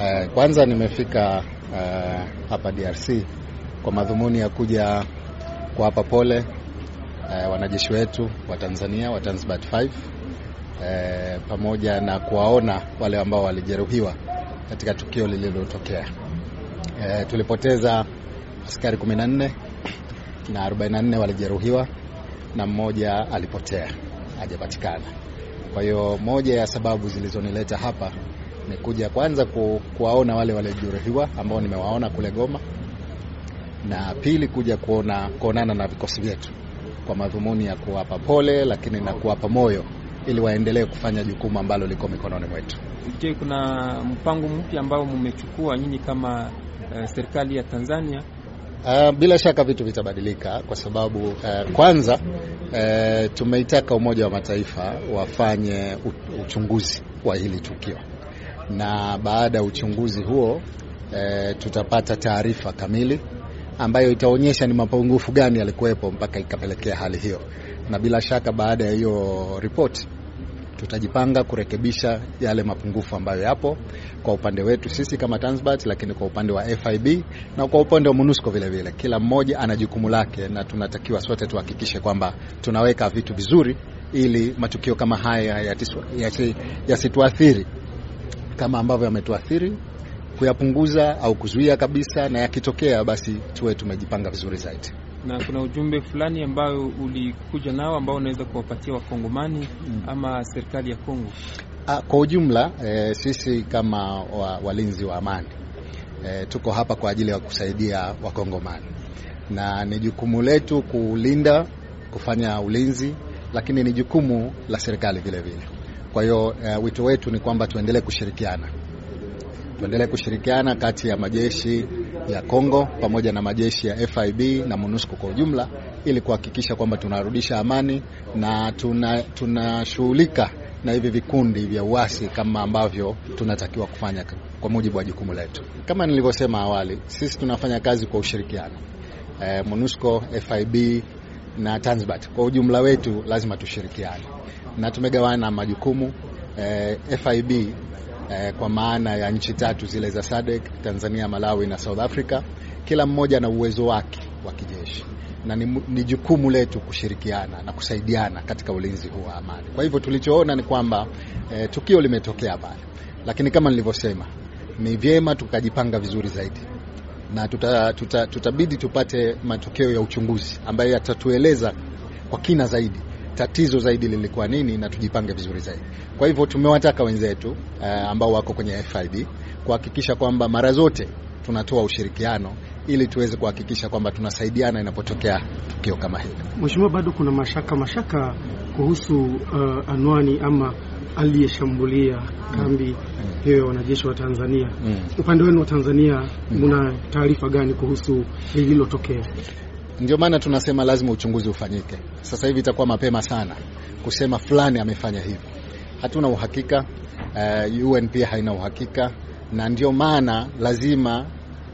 Eh, kwanza nimefika eh, hapa DRC kwa madhumuni ya kuja kuwapa pole eh, wanajeshi wetu wa Tanzania wa Tanzbat 5 uh, eh, pamoja na kuwaona wale ambao walijeruhiwa katika tukio lililotokea. Uh, tulipoteza askari 14 na 44 walijeruhiwa na mmoja alipotea hajapatikana. Kwa hiyo moja ya sababu zilizonileta hapa ni kuja kwanza ku, kuwaona wale waliojeruhiwa ambao nimewaona kule Goma, na pili kuja kuona kuonana na vikosi vyetu kwa madhumuni ya kuwapa pole, lakini na kuwapa moyo ili waendelee kufanya jukumu ambalo liko mikononi mwetu. Je, kuna mpango mpya ambao mmechukua nyinyi kama uh, serikali ya Tanzania? Uh, bila shaka vitu vitabadilika kwa sababu uh, kwanza uh, tumeitaka Umoja wa Mataifa wafanye uchunguzi wa hili tukio na baada ya uchunguzi huo e, tutapata taarifa kamili ambayo itaonyesha ni mapungufu gani yalikuwepo mpaka ikapelekea hali hiyo, na bila shaka baada ya hiyo ripoti tutajipanga kurekebisha yale mapungufu ambayo yapo kwa upande wetu sisi kama Tanzbat, lakini kwa upande wa FIB na kwa upande wa MONUSCO vile vile, kila mmoja ana jukumu lake, na tunatakiwa sote tuhakikishe kwamba tunaweka vitu vizuri ili matukio kama haya yasituathiri kama ambavyo yametuathiri, kuyapunguza au kuzuia kabisa, na yakitokea basi tuwe tumejipanga vizuri zaidi. Na kuna ujumbe fulani ambao ulikuja nao ambao unaweza kuwapatia wakongomani hmm. ama serikali ya Kongo? Ah, kwa ujumla e, sisi kama wa, walinzi wa amani e, tuko hapa kwa ajili ya kusaidia wakongomani na ni jukumu letu kulinda, kufanya ulinzi, lakini ni jukumu la serikali vile vile. Kwa hiyo uh, wito wetu ni kwamba tuendelee kushirikiana, tuendelee kushirikiana kati ya majeshi ya Kongo pamoja na majeshi ya FIB na MONUSCO kwa ujumla ili kuhakikisha kwamba tunarudisha amani na tunashughulika tuna na hivi vikundi vya uasi kama ambavyo tunatakiwa kufanya kwa mujibu wa jukumu letu. Kama nilivyosema awali, sisi tunafanya kazi kwa ushirikiano e, MONUSCO, FIB na Tanzbat kwa ujumla wetu lazima tushirikiane na tumegawana majukumu eh, FIB eh, kwa maana ya nchi tatu zile za SADC, Tanzania, Malawi na South Africa, kila mmoja na uwezo wake wa kijeshi na ni, ni jukumu letu kushirikiana na kusaidiana katika ulinzi huu wa amani. Kwa hivyo tulichoona ni kwamba e, tukio limetokea pale, lakini kama nilivyosema, ni vyema tukajipanga vizuri zaidi na tuta, tuta, tutabidi tupate matokeo ya uchunguzi ambayo yatatueleza kwa kina zaidi tatizo zaidi lilikuwa nini na tujipange vizuri zaidi. Kwa hivyo tumewataka wenzetu uh, ambao wako kwenye FIB kuhakikisha kwamba mara zote tunatoa ushirikiano ili tuweze kuhakikisha kwamba tunasaidiana inapotokea tukio kama hili. Mheshimiwa, bado kuna mashaka mashaka kuhusu uh, anwani ama aliyeshambulia kambi mm. hiyo ya wanajeshi wa Tanzania mm. upande wenu wa Tanzania mna mm. taarifa gani kuhusu lililotokea? Ndio maana tunasema lazima uchunguzi ufanyike. Sasa hivi itakuwa mapema sana kusema fulani amefanya hivi, hatuna uhakika. Uh, eh, UN pia haina uhakika, na ndio maana lazima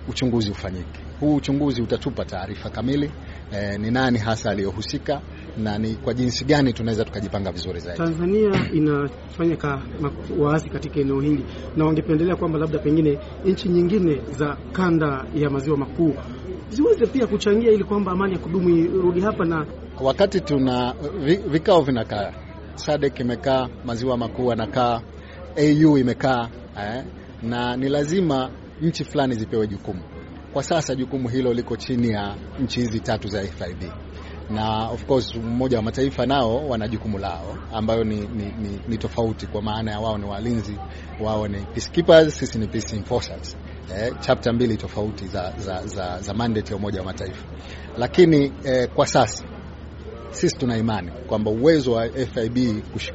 uchunguzi ufanyike. Huu uchunguzi utatupa taarifa kamili uh, ni nani hasa aliyohusika na ni kwa jinsi gani tunaweza tukajipanga vizuri zaidi. Tanzania inafanya ka waasi katika eneo hili, na wangependelea kwamba labda pengine nchi nyingine za kanda ya maziwa makuu ziweze pia kuchangia ili kwamba amani ya kudumu irudi hapa. Na wakati tuna vikao vinakaa, SADC imekaa, maziwa makuu anakaa, AU imekaa eh, na ni lazima nchi fulani zipewe jukumu. Kwa sasa jukumu hilo liko chini ya nchi hizi tatu za FIB na of course Umoja wa Mataifa nao wana jukumu lao ambayo ni, ni, ni, ni tofauti kwa maana ya wao ni walinzi, wao ni peacekeepers, sisi ni peace enforcers eh, chapta mbili tofauti za, za, za, za mandate ya Umoja wa Mataifa, lakini eh, kwa sasa sisi tuna imani kwamba uwezo wa FIB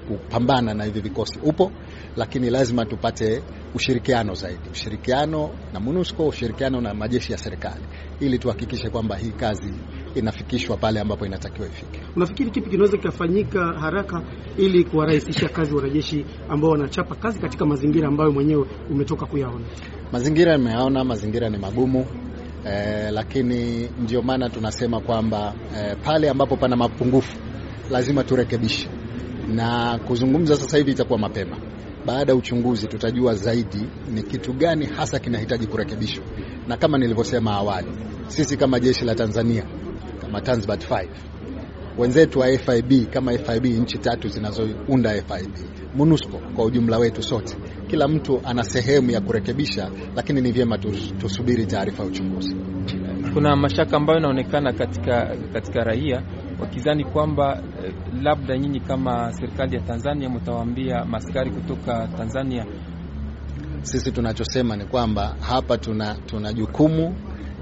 kupambana na hivi vikosi upo, lakini lazima tupate ushirikiano zaidi, ushirikiano na MONUSCO, ushirikiano na majeshi ya serikali, ili tuhakikishe kwamba hii kazi inafikishwa pale ambapo inatakiwa ifike. Unafikiri kipi kinaweza kikafanyika haraka ili kuwarahisisha kazi wanajeshi ambao wanachapa kazi katika mazingira ambayo mwenyewe umetoka kuyaona? Mazingira nimeyaona, mazingira ni magumu eh, lakini ndio maana tunasema kwamba eh, pale ambapo pana mapungufu lazima turekebishe, na kuzungumza sasa hivi itakuwa mapema. Baada ya uchunguzi tutajua zaidi ni kitu gani hasa kinahitaji kurekebishwa, na kama nilivyosema awali, sisi kama jeshi la Tanzania kama Tanzbat 5 wenzetu wa FIB kama FIB nchi tatu zinazounda FIB MONUSCO kwa ujumla wetu sote. Kila mtu ana sehemu ya kurekebisha, lakini ni vyema tusubiri taarifa ya uchunguzi. Kuna mashaka ambayo inaonekana katika, katika raia wakizani kwamba eh, labda nyinyi kama serikali ya Tanzania mtawaambia maskari kutoka Tanzania. Sisi tunachosema ni kwamba hapa tuna, tuna jukumu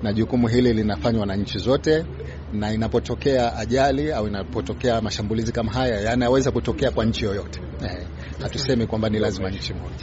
na jukumu hili linafanywa na nchi zote na inapotokea ajali au inapotokea mashambulizi kama haya yanaweza kutokea kwa nchi yoyote. Eh, hatusemi kwamba ni lazima nchi moja.